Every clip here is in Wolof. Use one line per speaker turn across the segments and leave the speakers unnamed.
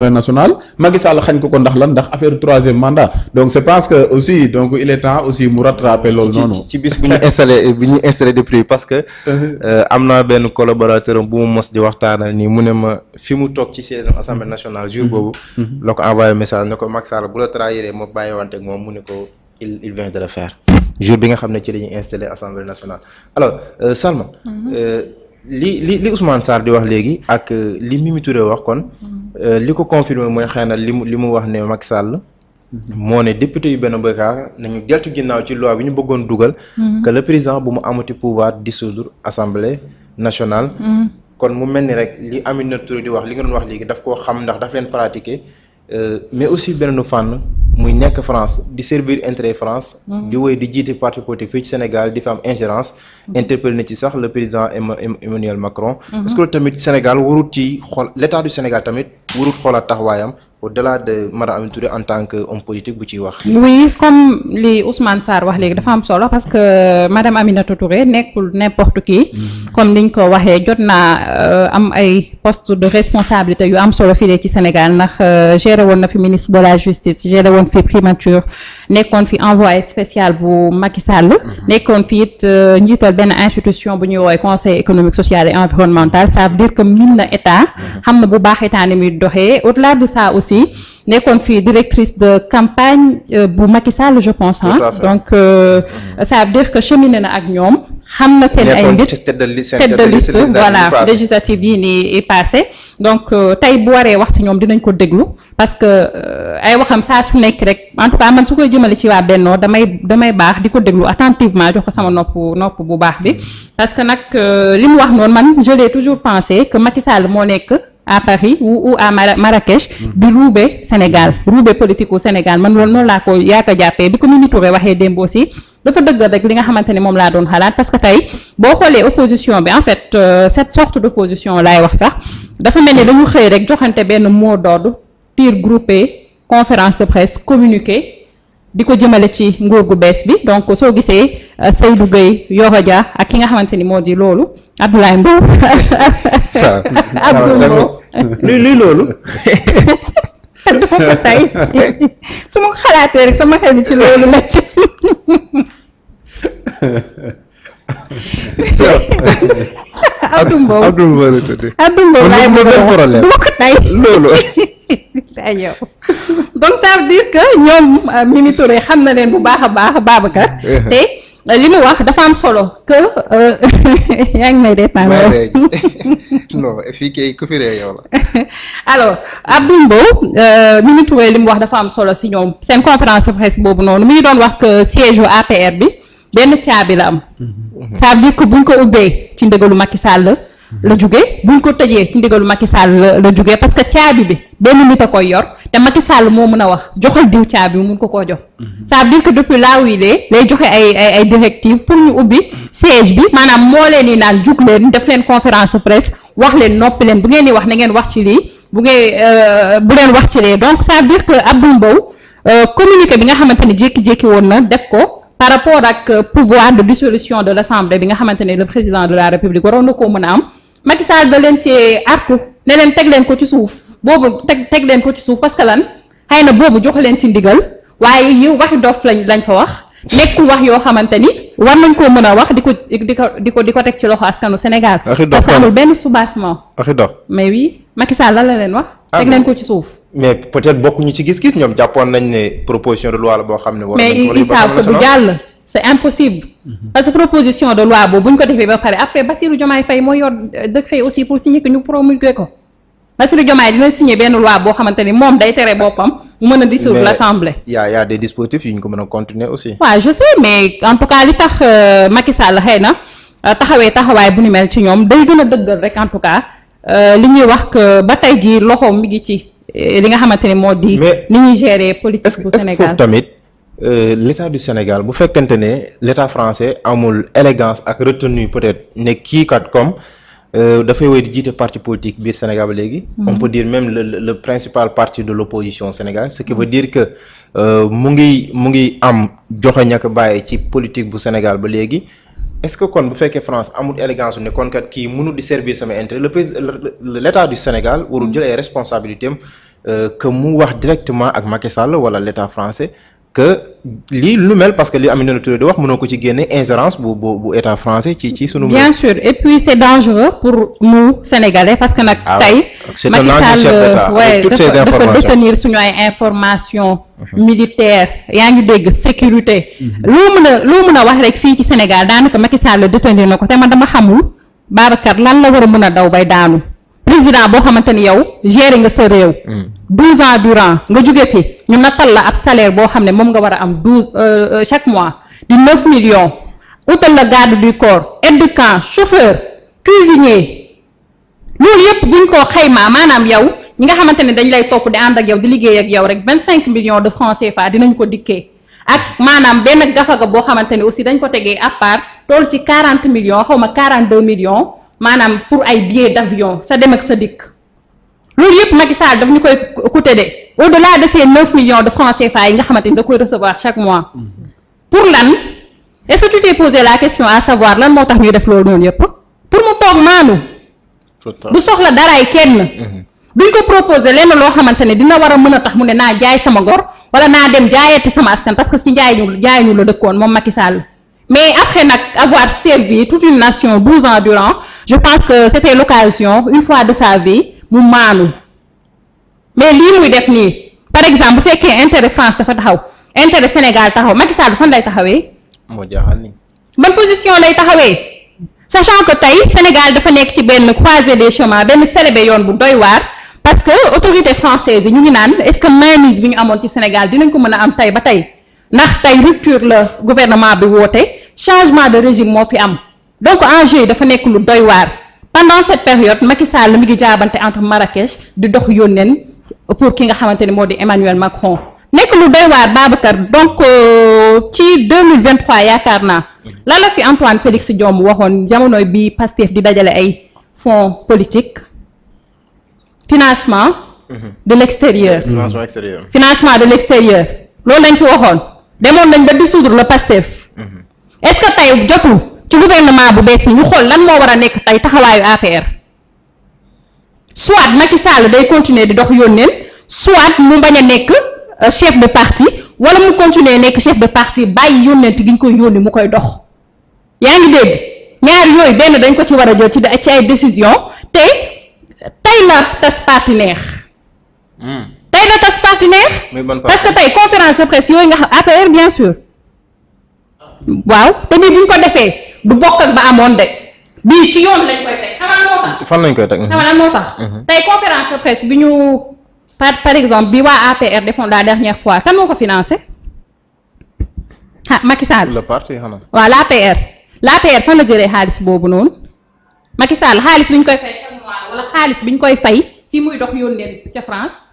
national Macky Sall xañ ko ko ndax lan ndax affaire troisième mandat donc je pense que aussi donc il est temps aussi mu rattraper loolu noonu ci bis bu ñu installé bu ñu installé depuis parce que euh,
am naa benn collaborateur bu mu mos di waxtaanal nii mu ne ma fi mu toog ci siège assemblée nationale jour mhm. boobu mhm. la ko envoyé message ne ko Macky Sall bu la trahiré ma bàyyi wante ak moom mu ne ko il il vient de le faire jour bi nga xam ne ci la ñuy installé assemblée nationale alors euh, Salma mhm. euh, li li li Ousmane Sarr di wax léegi ak li Mimi Touré wax kon Euh, li ko confirmer mooy xëy na li mu li mu wax ne Macky Sall. moo ne député yu benn bëkaar nañu deltu ginnaaw ci loi bi ñu bëggoon dugal. Mhm. que le bu mu amati pouvoir dissoudre assemblée nationale. Mhm. kon mu mel ni rek li Aminata Touré di wax li nga doon wax léegi daf koo xam ndax daf leen pratiquer euh, mais aussi beneen fànn. muy nekk France di servir intérêt France. Hmm. di woy di jiite parti politique fii ci Sénégal di fa am ingérence. Hmm. interpellé ci sax le président Emmanuel Macron. Hmm. est que loolu tamit Sénégal warut ci xool l'état du Sénégal tamit warut xoolaat taxawaayam. au-delà de Mara Amy Touré en tant que homme politique bu ciy wax.
oui comme li Ousmane Sarr wax léegi dafa am solo parce que euh, madame Aminata Touré nekkul n'importe qui. Mm-hmm. comme niñ ko waxee jot naa euh, am ay poste de responsabilité yu am solo fii ci Sénégal ndax euh, géré woon na fi ministre de la justice géré woon fi primature nekkoon fi envoyé spécial bu Macky Sall. Mm-hmm. nekkoon fi it njiital benn institution bu ñuy woowee conseil économique social et environnemental ça veut dire mm-hmm. na bu baax état aussi nekkoon fii directrice de campagne euh, bu Macky Sall je pense ah donc sa euh, veut que cheminé na ak ñoom xam na seen ay mbir tête de liste voilà législative yi nii passé donc euh, tey bu waree wax si ñoom dinañ ko déglu parce que ay waxam saa su nekk rek en tout cas man su koy jëmale ci waa Bennoo damay damay baax di ko déglu attentivement jox ko sama nopp nopp bu baax bi parce que nag li mu wax noonu man je l'ai toujours pensé que Macky moo nekk à Paris ou, ou à Mara Marrakech di ruube Sénégal ruube politique Sénégal man loolu noonu laa ko yaa ko jàppee bi ko Mimi Touré waxee démb aussi dafa dëggal rek li nga xamante ne moom laa doon xalaat parce que tey boo xoolee opposition bi en fait euh, cette sorte d'opposition laay wax sax dafa mel ni dañu xëy rek joxante benn mot d'ordre tir groupé conférence de presse communiqué di ko jëmale ci nguur gu bees bi donc soo gisee Euh, Seydou Gueye Yoro Dia ak ki nga xamante ni moo di loolu Abdoulaye Mbow.
ça luy luy loolu.
dafa ko tay su ma ko xalaatee rek sama xel bi ci loolu nekk. la tudd. a wax
du ma ko tay loolu.
aywa donc ça veut dire ñoom euh, Mimi xam na leen bu baax a baax Babacar te. li mu wax dafa am solo que euh, yaa ngi may dépendre
non fii kay ku fi ree yow la
alors Abdou Mbow euh, li mu wax dafa am solo si ñoom seen conférence de boobu noonu mu ngi doon wax que siège APR bi benn caabi la am mhm. ça veut dire que buñ ko ubbee ci ndëgalu Macky Sall la jugee buñ ko tëjee ci ndigalu Macky Sall la la jugee parce que caabi bi benn nit a koy yor te Macky Sall moo mën a wax joxal diw caabi mun ko koo jox. Mhm. ça veut dire que depuis là où lay joxe ay ay ay pour ñu ubbi siège bi maanaam moo leen di naan jug leen def leen conférence presse wax leen noppi leen bu ngeen di wax na ngeen wax ci lii bu ngeen euh, bu leen wax ci lii donc ça veut dire que Abdou Mbow euh, communiqué bi nga xamante ne jékki-jékki woon na def ko. par rapport ak euh, pouvoir de dissolution de l'Assemblée bi nga xamante ne le président de la République waroon na koo mën a am Macky Sall da leen cee artu ne teg leen ko ci suuf boobu teg teg leen ko ci suuf parce que lan xëy na boobu jox leen ci ndigal waaye yi waxi dof lañ lañ fa wax nekkul wax yoo xamante ni war nañ ko mën a wax di ko di ko di ko di ko teg ci loxo askanu Sénégal.
parce que amul
benn soubassement. waxi dof mais oui Macky Sall lan la leen wax. Ah, teg leen ko ci suuf.
mais peut-être bokkuñu ci gis-gis ñoom jàppoon nañ ne proposition de loi boo xam ne. war nañ ko bu jàll.
c'est impossible. Mhm. parce que proposition de loi boobu bu ñu ko defee ba pare après Bassirou Diomaye Faye moo yor euh, décret aussi pour signer que ñu promulguer ko Bassirou Diomaye dina signer benn loi boo xamante ni moom day tere boppam mu mën a dissoudre l'assemblée.
y a y a des yu ñu ko mën a continuer aussi.
waaw je sais mais en tout cas li tax euh, Macky Sall xëy na euh, taxawee taxawaay bu ni mel ci ñoom day gën a dëggal rek en tout cas li ñuy wax que ba tey jii loxo mi ngi ci li nga xamante ni moo di. ni ñuy gérer politique
Euh, l'état du Sénégal bu fekkante ne l'état français amul élégance ak retenue peut-être ne kii kat comme euh, dafay woy di jiite parti politique biir Sénégal ba léegi. Mm-hmm. on peut dire même le le principal parti de l'opposition Sénégal ce qui mm-hmm. veut dire que euh, mu ngi mu ngi am joxe ñàkk bàyyi ci politique bu Sénégal ba léegi. est-ce que kon bu fekkee France amul élégance su ne kon kat kii mënul di servir sama intérêt le pays l'état du Sénégal warul mm-hmm. jël ay responsabilités am que mu wax directement ak Macky wala l'état français. que lii lu mel parce que lii Aminata Touré di wax mënoo ko ci génne ingérence bu bu bu état français ci sunu. bien sûr
et puis c'est dangereux pour nous sénégalais parce que nag. Ah tey
Macky Sall euh, dafa détenir
ay information mhm. militaire yaa ngi dégg sécurité. Mhm. loo mën a loo mën a wax rek fii ci Sénégal daanaka Macky Sall détenir na ko te man dama xamul Babacar lan la war a mën a daw bay daanu. président boo xamante ni yow gérer nga sa réew. Mm. douze ans durant nga jóge fi ñu nattal la ab salaire boo xam ne moom nga war a am douze euh, euh, chaque mois di neuf millions utal la garde du corps aide de camp chauffeur cuisinier loolu yëpp buñ ko xaymaa maanaam yow ñi nga xamante ne dañ lay topp di ànd ak yow di liggéey ak yow rek vingt cinq millions de francs CFA dinañ ko dikkee. ak maanaam benn gafaga boo xamante ne aussi dañ ko tegee à part tool ci quarante millions xaw ma quarante deux millions maanaam pour ay billet d'avion sa dem ak sa dikk loolu yëpp Macky Sall daf ñu koy coûter de au-delà de neuf millions de francs CFA yi nga xamante ni da koy recevoir chaque mois pour lan est-ce que tu t'es la question à savoir lan moo tax ñuy def loolu noonu yëpp pour mu toog maanu du soxla daraay kenn
mmh.
duñ ko proposer lenn loo xamante ne dina war a mën a tax mu ne naa jaay sama gor wala naa dem jaayati sama askan parce que ci njaay ñu jaay ñu la dëkkoon moom Macky mais après nag avoir servi toute une nation douze ans durant je pense que c'était l'occasion une fois de sa vie mu maanu mais lii muy def nii par exemple bu fekkee intérêt France dafa taxaw intérêt Sénégal taxaw Macky Sall fan lay taxawee.
moo jaaxal ni.
ban position lay taxawee sachant que tey Sénégal dafa nekk ci benn croisée de chemins benn selebe yoon bu doy waar parce que autorité française yi ñu ngi naan est-ce que mainmise bi ñu amoon ci Sénégal dinañ ko mën a am tey ba tey. ndax tey rupture la gouvernement bi woote changement de régime moo fi am donc enjeu yi dafa nekk lu doy waar pendant cette période Macky Sall mi ngi jaabante entre Marrakech di dox yónneen pour ki nga xamante ni moo di Emmanuel Macron nekk lu doy waar Babacar donc euh, ci 2023 yaakaar naa la la fi Antoine Félix Diome waxoon jamono bi Pastef di dajale ay fonds politique financement mhm. de l'extérieur financement de l'extérieur loolu lañ fi waxoon demoon nañ ba dissoudre le PASTEF. Mhm. est-ce que tey jotu ci gouvernement bu bees yi ñu xool lan moo war a nekk tey taxawaayu APR soit Macky Sall day continuer di dox yónneen soit mu bañ a nekk euh, chef de parti wala mu continuer nekk chef de parti bàyyi yónneen gi ñu koy yónni mu koy dox. yaa ngi dégg ñaar yooyu benn dañ ko ci war a jël ci ci ay décision te tey la tas parti neex.
Hmm.
partenaire parce que
tey conférence de presse yooyu nga xam APR bien sûr ah. waaw te bii bu ñu ko defee du bokk ak ba amoon de bii ci yoon lañ
koy teg fan lañ koy teg xamal moo mhm.
tey conférence de presse bi ñu par par exemple bi waa APR defoon la dernière fois kan moo ko financé
xa ah, Macky Sall le part xanaa
waaw l'APR fan la jëlee xaalis boobu noonu Macky Sall xaalis bi ñu koy fay chaque mois wala xaalis bi ñu koy fay ci muy dox yónnee ca France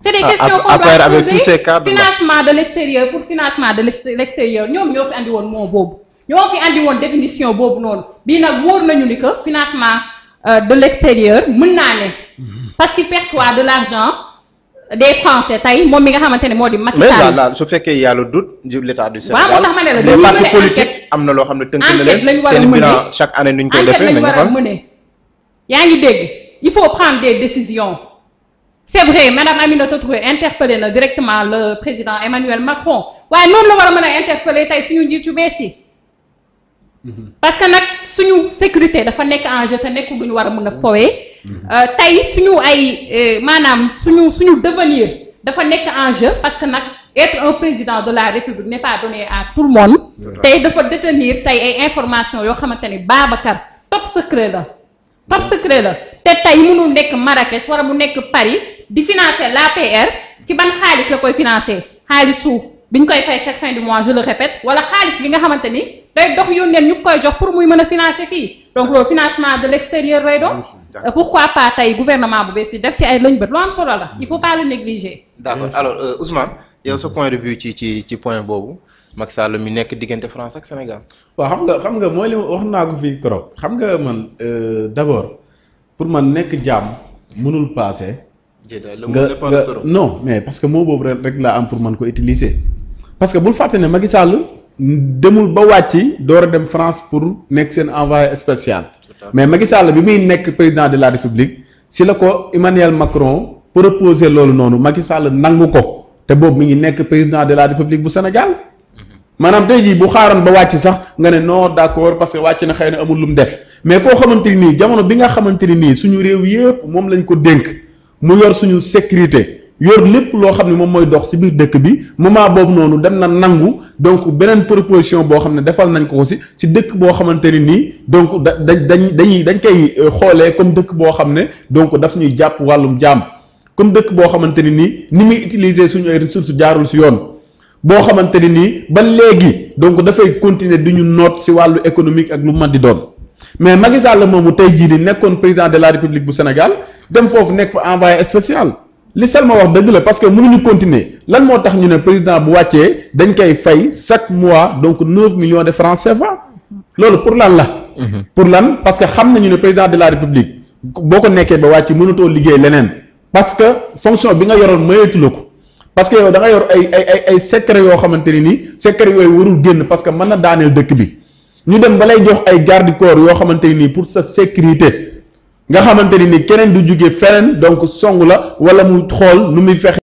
c'est des ah, questions qu'on doit avec tous ces cadres financement de l'extérieur pour financement de l'extérieur ñoom ñoo fi andi woon moom boobu ñoo fi andi woon définition boobu noonu bii nag wóor nañu ni que financement euh, de l'extérieur mën naa ne parce qu'il perçoit de l'argent des Français tey moom mi nga xamante ne moo di Macky Sall
su fekkee yàlla doute l'État du Sénégal waaw moo tax ma ne la les partis politiques am na loo xam ne tënk na leen seen bilan chaque année nu ñu koy defee
yaa ngi dégg il faut prendre des c'est vrai madame Aminata Touré interpellé na directement le président Emmanuel Macron waaye noonu la war a mën a interpellé tey suñu njiit yu bees yi parce que nag suñu sécurité dafa nekk en jeu te nekk lu ñu war a mën a fowee euh, tey suñu ay euh, maanaam suñu suñu devenir dafa nekk en jeu parce que nag être un président de la république n'est pas donné à tout le monde tey dafa détenir tey ay information yoo xamante ni Babacar top secret la top secret la te tey mënul nekk Marrakech wala mu nekk Paris di financer l'APR ci ban xaalis la koy financer xaalis suuf bi ñu koy fay chaque fin du mois je le répète wala xaalis bi nga xamante ni day dox yónneen ñu koy jox pour muy mën a financer fii donc loolu financement de l'extérieur lay doon. pourquoi pas tey gouvernement bu bees yi def ci ay lëñbët lu am solo la. il faut pas le négliger.
d'accord alors euh, yow sa point de vue ci ci ci point boobu. Macky Sall mi nekk diggante France ak Sénégal.
waaw xam nga xam nga mooy li wax naa ko fii trop. xam nga man euh, d'abord pour man nekk jaam mënul passé
nga
non mais parce que moo boobu rek laa am pour mën ko utiliser. parce que bul fàtte ne Macky Sall demul ba wàcci door a dem France pour nekk seen envoyé spécial. mais Macky Sall bi muy nekk président de la République si la ko Emmanuel Macron proposé loolu noonu Macky Sall nangu ko te boobu mi ngi nekk président de la République bu Sénégal. Mhm. maanaam tey jii bu xaaroon ba wàcc sax nga ne noo d'accord parce que wàcc na xëy na amul lu mu def mais koo xamante ni jamono bi nga xamante ni nii suñu réew yëpp moom lañ ko dénk. mu yor suñu sécurité yor lépp loo xam ne moom mooy dox ci biir dëkk bi moment boobu noonu dem na nangu donc beneen proposition boo xam ne defal nañ ko ko ci dëkk boo xamante ni nii donc da dañ dañuy dañ koy euh, xoolee comme dëkk boo xam ne donc daf ñuy jàpp wàllum jaam comme dëkk boo xamante ni nii ni muy utiliser suñu ay ressources jaarul ci yoon. boo xamante ni nii ba léegi donc dafay continuer di ñu noot ci wàllu économique ak lu man di doon. mais Macky Sall moomu tey jii di nekkoon président de la République bu Sénégal dem foofu nekk fa envoyé spécial li Salma wax dëgg la parce que mënuñu continuer lan moo tax ñu ne président bu wàccee dañ koy fay chaque mois donc 9 millions de francs CFA loolu pour lan la. Mhm. pour lan parce que xam nañu ne président de la République boo ko nekkee ba wàcc mënatoo liggéey leneen parce que fonction bi nga yoroon mayeetu la ko. parce que yow da nga yor ay ay ay ay yoo xamante ni nii secret yooyu warul parce que mën na daaneel dëkk bi ñu dem ba lay jox ay garde yoo xamante nii pour sa sécurité nga xamante ni keneen du jóge feneen donc song la wala mu xool nu muy fexe